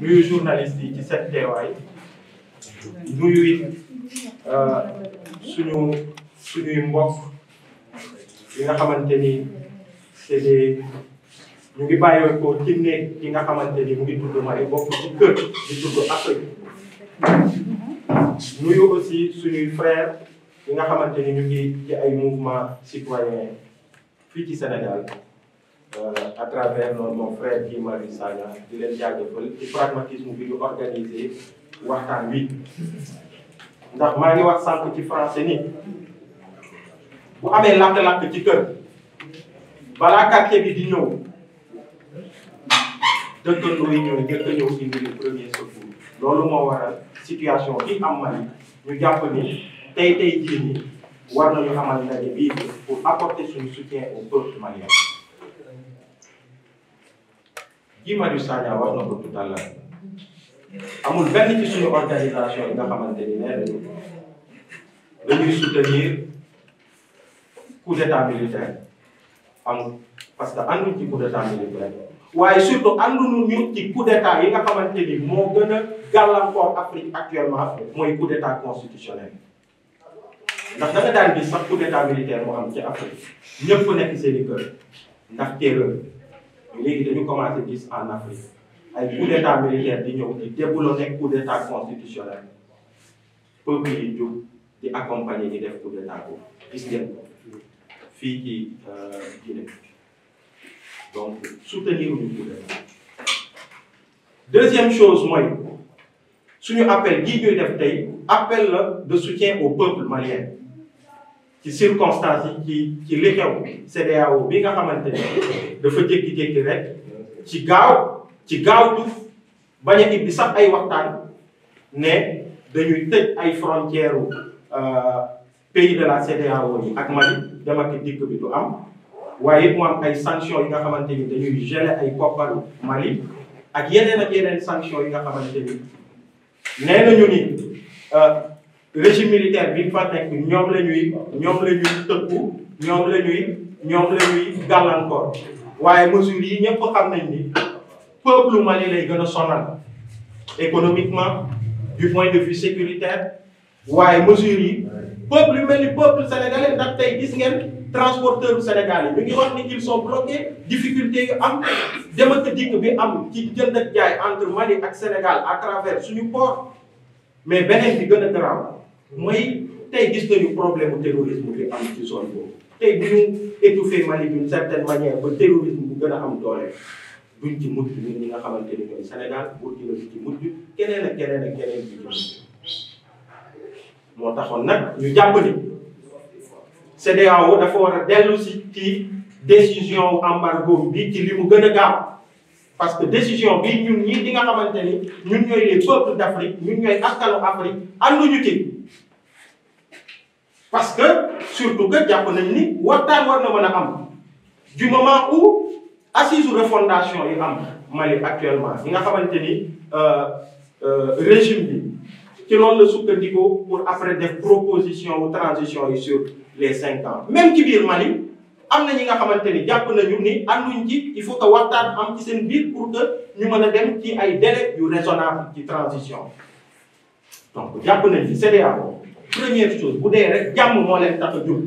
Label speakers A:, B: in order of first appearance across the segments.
A: nuyu journaliste yi ci seen teewaay nuyu it euh, suñu sunu mbokk yi nga xamante ni c'est des ñu ngi bàyyi ko ci néeg yi nga xamante ni mu ngi tudd may bokk ci kër di tudd Afrique nuyu aussi suñuy frère yi nga xamante ni ñu ngi ci ay mouvement citoyen fii ci à travers mon frère Guy Marius Sagna di leen jaajëfal ci pragmatisme bi ñu organisé ndax maa ngi wax sànq ci français ni bu amee lakk-lakk ci kër balaa quartier bi di ñëw dëkkandoo yi ñëw njëkk a ñëw ci mbiri premier secours loolu moo waral situation bi am Mali ñu jàpp ni tey tey jii nii war nañu amal ndaje bii pour apporter suñu soutien au peuple Guy Marius Sagna wax na ko tout à l'heure amul benn organisation yi nga xamante ni nee nañu dañuy soutenir coup d'état militaire amul parce que ànduñ coup d'état militaire waaye surtout ànduñu ñu ci coup d'état yi nga xamante ni moo gën a gàllankoor Afrique actuellement mooy coup d'état constitutionnel ndax da nga daan gis sax coup d'état militaire moo am ci Afrique ñëpp ndax terreur léegi dañu commencé gis en Afrique ay coup d'état militaire di ñëw di déboulonné coup d'état constitutionnel peuple yi jóg di accompagner ñi def coup d'état ko gis ngeen ko fii ci euh, Guinée donc soutenir ñu coup d'état deuxième chose mooy suñu appel gii ñuy def tey appel la de soutien au peuple malien ci circonstance yi ci ci li xew bi nga xamante ne dafa jékki-jékki rek ci gaaw ci gaaw tuuf bañ a ibbi sax ay waxtaan ne dañuy tëj ay frontières euh, pays de la CEDEAO yi ak Mali dem ak dikk bi du am waaye it mu ay sanctions yi nga xamante ni dañuy geler ay koppalu Mali ak yeneen ak yeneen sanctions yi nga xamante ni nee nañu ni. Euh, régime militaire bi fa nekk ñoom la ñoom la ñuy tëkku ñoom la ñuy ñoom la ñuy gàllankoor waaye mesures yi ñëpp xam nañ ni peuple Mali lay gën a sonal économiquement du point de vue sécuritaire waaye mesures yi peuple yu mel ni peuple sénégalais ndax tey gis ngeen transporteur sénégalais ñu ngi wax ni ils sont bloqués difficulté yu am dem ak bi am ci jënd ak jaay entre Mali ak Sénégal à travers suñu port mais beneen bi gën a garaaw mooy tey gis nañu problème terrorisme bi am ci zone boobu tey bu ñu étouffé Mali d'une certaine manière ba terrorisme bu gën a am doole duñ ci mujj ñun ñi nga xamante ni ñooy Sénégal Burkina du ci mujj keneen ak keneen ak keneen bi ci moo taxoon nag ñu jàpp ni CEDEAO dafa war a dellu si ci décision embargo bi ci li mu gën a gaaw parce que décision bi ñun ñii di nga xamante ni ñun ñooy les peuples d'Afrique ñun ñooy askanu Afrique ànduñu parce que surtout que jàpp nañ ni waxtaan war na mën a am du moment où assise refondation yi am Mali actuellement yi nga xamante ni euh, euh, régime bi ci loolu la sukkandiku pour après def proposition ou transition yi sur les cinq ans même ci biir Mali am na ñi nga xamante ni jàpp nañu ni ànduñ ci il faut que waxtaan am ci seen biir pour que ñu mën a dem ci ay délais yu raisonnable ci transition donc jàpp nañ ci CEDEAO première chose bu dee rek jàmm moo leen tax a jóg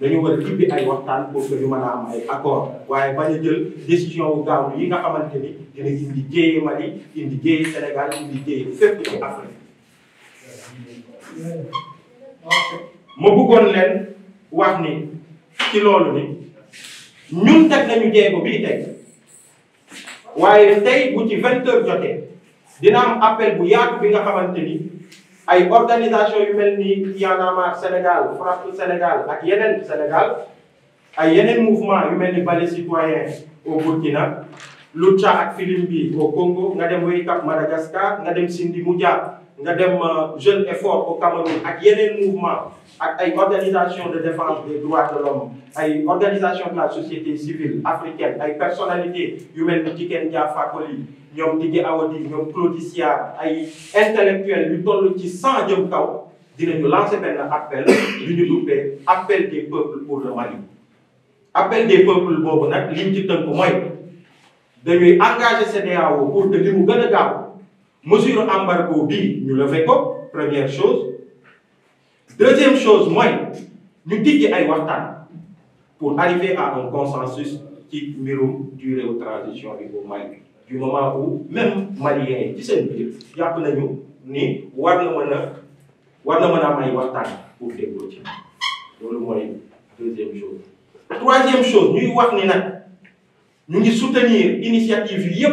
A: dañu war a jibbi ay waxtaan pour que ñu mën a am ay accord waaye bañ a jël décision wu gaaw yi nga xamante ni dina indi jéeye Mali indi jéeye Sénégal indi jéeye fépp ci Afrique ma bëggoon leen wax ni ci loolu ni ñun teg nañu jéego bii teg waaye tey bu ci vingt heures jotee dina am appel bu yaatu bi nga xamante ni ay organisation yu mel ni Y'en a marre Sénégal FRAPP Sénégal ak yeneen Sénégal ay yeneen mouvement yu mel ni Balai Citoyen au Burkina Lucha ak Filimbi au Congo nga dem Wake Up Madagascar nga dem Sindi Moudia nga dem euh, jeune effort au Cameroun ak yeneen mouvement ak ay organisation de défense des droits de l'homme ay organisation de société civile africaine ay personnalité yu mel ni Tiken Jah Fakoly ñoom Didier Awadi ñoom Claude Siard ay intellectuels yu toll ci cent jëm kaw dinañu lancer appel lu ñu duppee appel des peuples pour le Mali appel des peuples boobu nag liñ ci tënk mooy dañuy engager CEDEAO pour que li mu gën a mesure embargo bii ñu levé ko première chose deuxième chose mooy ñu tijji ay waxtaan pour arriver à un consensus ci mbirum durée wu transition bi bu Mali du moment où même maliens yi ci seen biir jàpp nañu ni war na mën a war na mën a am ay waxtaan pour dégloo ci loolu mooy deuxième chose troisième ni nag ñu ngi soutenir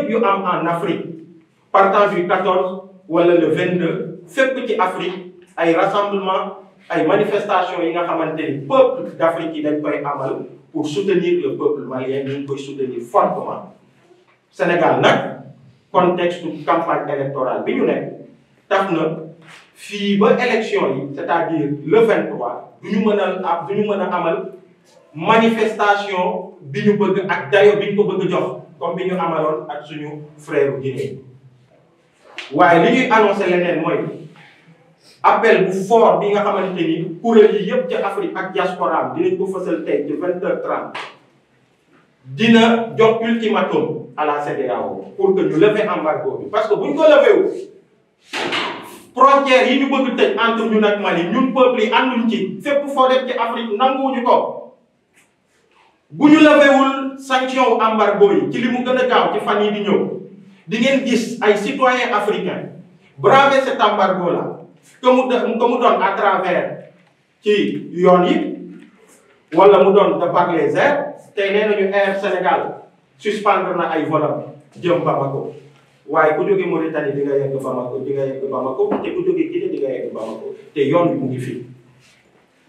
A: yu am en Afrique partant du 14 wala le 22 fépp ci Afrique ay rassemblement ay manifestation yi nga xamante ni peuple d'Afrique yi dañ koy amal pour soutenir le peuple malien ñu ngi koy soutenir fortement Sénégal nag contexte campagne électorale bi ñu nekk tax na fii ba élection yi c'est-à-dire le 23 du ñu mën a ab ñu mën a amal manifestation bi ñu bëgg ak dayo bi ñu ko bëgg jox comme bi ñu amaloon ak suñu frère Guinée waaye li ñuy annoncé leneen mooy appel bu fort bi nga xamante ni kuréel yi yëpp ca Afrique ak diaspora dinañ ko fësal tey ci vingt heures trente dina jox ultimatum à la CEDEAO pour que ñu lever embargo bi parce que bu ñu ko lever wu yi ñu bëgg tëj entre ñun ak Mali ñun peuple yi ànduñ ci bu foo dem ci Afrique nanguwuñu ko bu ñu levewul sanction embargo yi ci li mu gën a gaaw ci fan yi di ñëw di ngeen gis ay citoyens africains braver cet embargo là mu doon à travers yoon yi wala mu doon de par les airs tey Air Sénégal suspendre na ay volam jëm Bamako waaye ku jógee Mauritanie di nga yegg Bamako di nga yegg Bamako ku Bamako te yoon bi mu ngi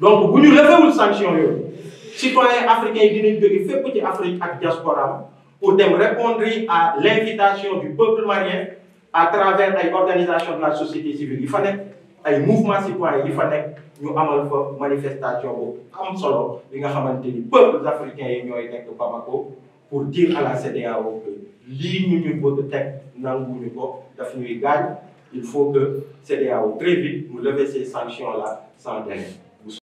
A: donc bu ñu levewul sanction yooyu citoyens africains yi dinañ jóge fépp ci Afrique ak diaspora pour dem répondre à l'invitation du peuple malien à travers ay organisation de la société civile yi fa nekk ay mouvement citoyen yi fa nekk ñu amal fa manifestation bu am solo li nga xamante ni peuples africains yi ñooy nekk ko pour dire à la CEDEAO que lii ñu ñu bëgg teg nanguñu ko daf ñuy gaañ il faut que CEDEAO très vite mu lever ces sanctions là sans délai